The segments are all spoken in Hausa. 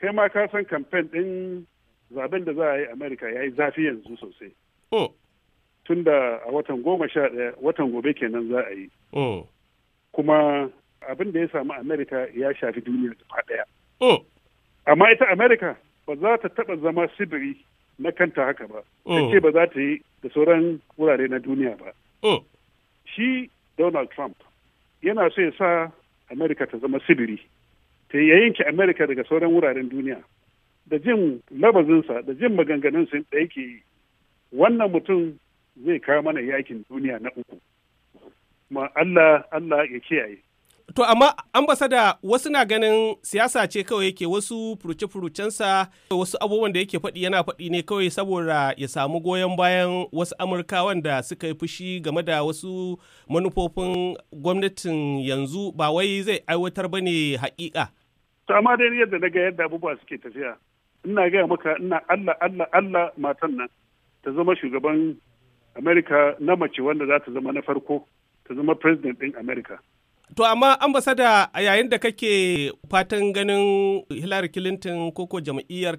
kai ma ka san kamfen ɗin zaben da za a yi amerika ya yi zafi yanzu sosai oh. tun da a watan goma sha ɗaya watan gobe kenan za a yi oh. kuma abin da ya samu amerika ya shafi duniya gaba ɗaya oh. amma ita amerika ba za ta taɓa zama sibiri na kanta haka ba ce ba za ta yi da sauran wurare na duniya ba shi donald trump yana so ya sa amerika ta zama sibiri ta yanke amerika daga sauran wuraren duniya da jin labazinsa da jin sun da yake yi wannan mutum zai kawo mana yakin duniya na uku ma Allah Allah ya kiyaye to amma ambasada wasu na ganin siyasa ce kawai yake wasu furuce-furucensa wasu abubuwan da yake faɗi yana faɗi ne kawai saboda ya samu goyon bayan wasu amurkawan da suka yi fushi game da wasu manufofin gwamnatin yanzu ba wai zai aiwatar ba ne haƙiƙa to amma dai yadda na ga yadda abubuwa suke tafiya ina gaya maka ina Allah Allah Allah matan nan ta zama shugaban america na mace wanda za ta zama na farko ta zama president din america. To amma ambasada a yayin da kake fatan ganin Hillary Clinton koko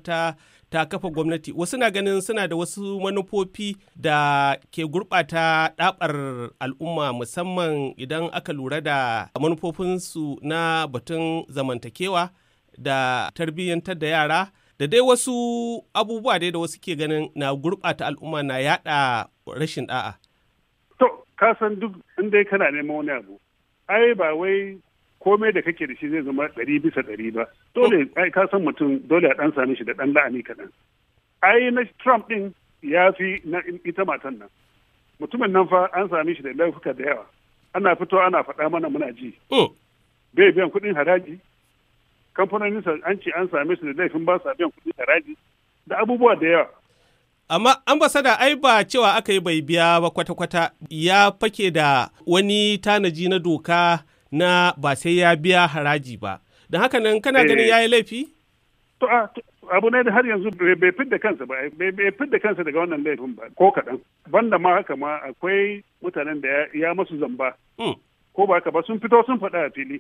ta. ta kafa gwamnati wasu na ganin suna da wasu manufofi da ke gurɓata ɗabar al'umma musamman idan aka lura da manufofinsu na batun zamantakewa da tarbiyyantar da yara da dai wasu abubuwa dai da wasu ke ganin na gurɓata al'umma na yada rashin ɗa'a. To, ka san duk inda kana neman wani abu, ai ba wai komai da kake da shi zai zama ɗari bisa ɗari ba dole oh. ai ka san mutum dole a ɗan sami shi da ɗan la'ani kaɗan ai na trump ɗin ya fi na ita matan nan mutumin nan fa an sami shi da laifuka da yawa ana fito ana faɗa mana muna ji oh. bai biyan kuɗin haraji kamfanonin an ce an same su da laifin ba sa biyan kuɗin haraji da abubuwa da yawa amma ambasada ai ba cewa aka yi bai biya ba kwata-kwata ya fake da wani tanaji na doka na ba sai ya biya haraji ba da haka nan kana eh. ganin ya yi laifi? to abu ne da har yanzu bai fidda kansa ba bai fidda kansa daga wannan laifin ba ko kaɗan banda ma haka ma akwai mutanen da ya masu zamba hmm. ko ba haka ba sun fito sun faɗa a fili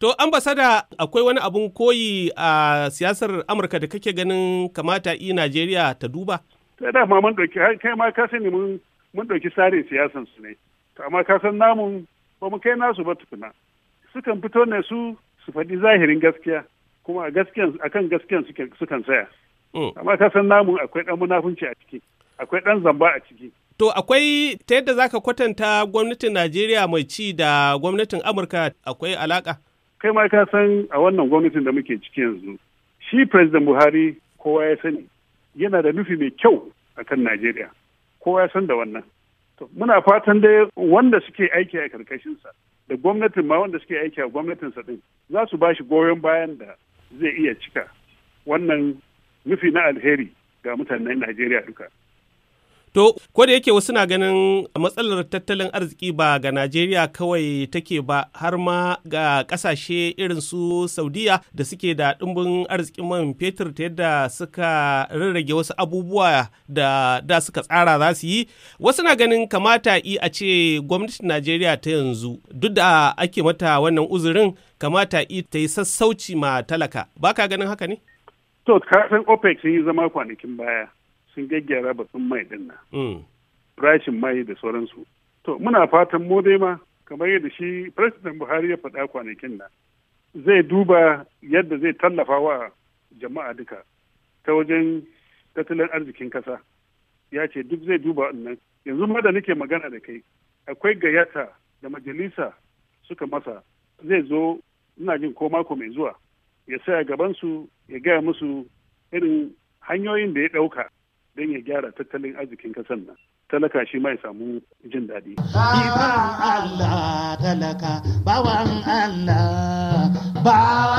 To ambasada akwai wani abun koyi a siyasar Amurka da kake ganin kamata i Najeriya ta duba? Da ma mun ɗauki kai ma ka sani mun ɗauki tsarin siyasan su ne. Amma ka san namun ba mu kai nasu ba tukuna sukan fito ne su su faɗi zahirin gaskiya kuma a kan akan gaskiyan sukan saya mm. amma ka san namun akwai ɗan munafunci a ciki akwai ɗan zamba a ciki To akwai ta yadda zaka kwatanta gwamnatin Najeriya mai ci da gwamnatin Amurka akwai alaka? Kai ma ka san a wannan gwamnatin da muke ciki yanzu. Shi President Buhari kowa ya sani yana da nufi mai kyau akan Najeriya. Kowa ya san da wannan. muna fatan dai wanda suke aiki a karkashinsa da gwamnatin ma wanda suke aiki a gwamnatinsa din za su ba shi goyon bayan da zai iya cika wannan nufi na alheri ga mutanen najeriya duka To, ko da yake wasu na ganin matsalar tattalin arziki ba ga Najeriya kawai take ba har ma ga kasashe irin su Saudiya da suke da ɗumbin arzikin man fetur ta yadda suka rarrage wasu abubuwa da da suka tsara za su yi. Wasu na ganin kamata i a ce gwamnatin Najeriya ta yanzu duk da ake mata wannan uzurin kamata yi ta yi sassauci ma talaka. Ba ka ganin haka ne? To, kafin OPEC sun yi zama kwanakin baya. sun gaggyara batun mai din nan mm. farashin mai da sauransu to muna fatan mu dai ma kamar yadda shi president buhari ya faɗa kwanakin nan zai duba yadda zai tallafa wa jama'a duka ta wajen tattalin arzikin kasa ya ce duk zai duba wannan yanzu ma da nake magana da kai akwai gayyata da majalisa suka masa zai zo ina jin ko mako mai zuwa ya saya gabansu ya gaya musu irin hanyoyin da ya ɗauka don ya gyara tattalin arzikin kasar nan talaka shi ma ya samu jin daɗi. Bawan Allah talaka, bawan Allah,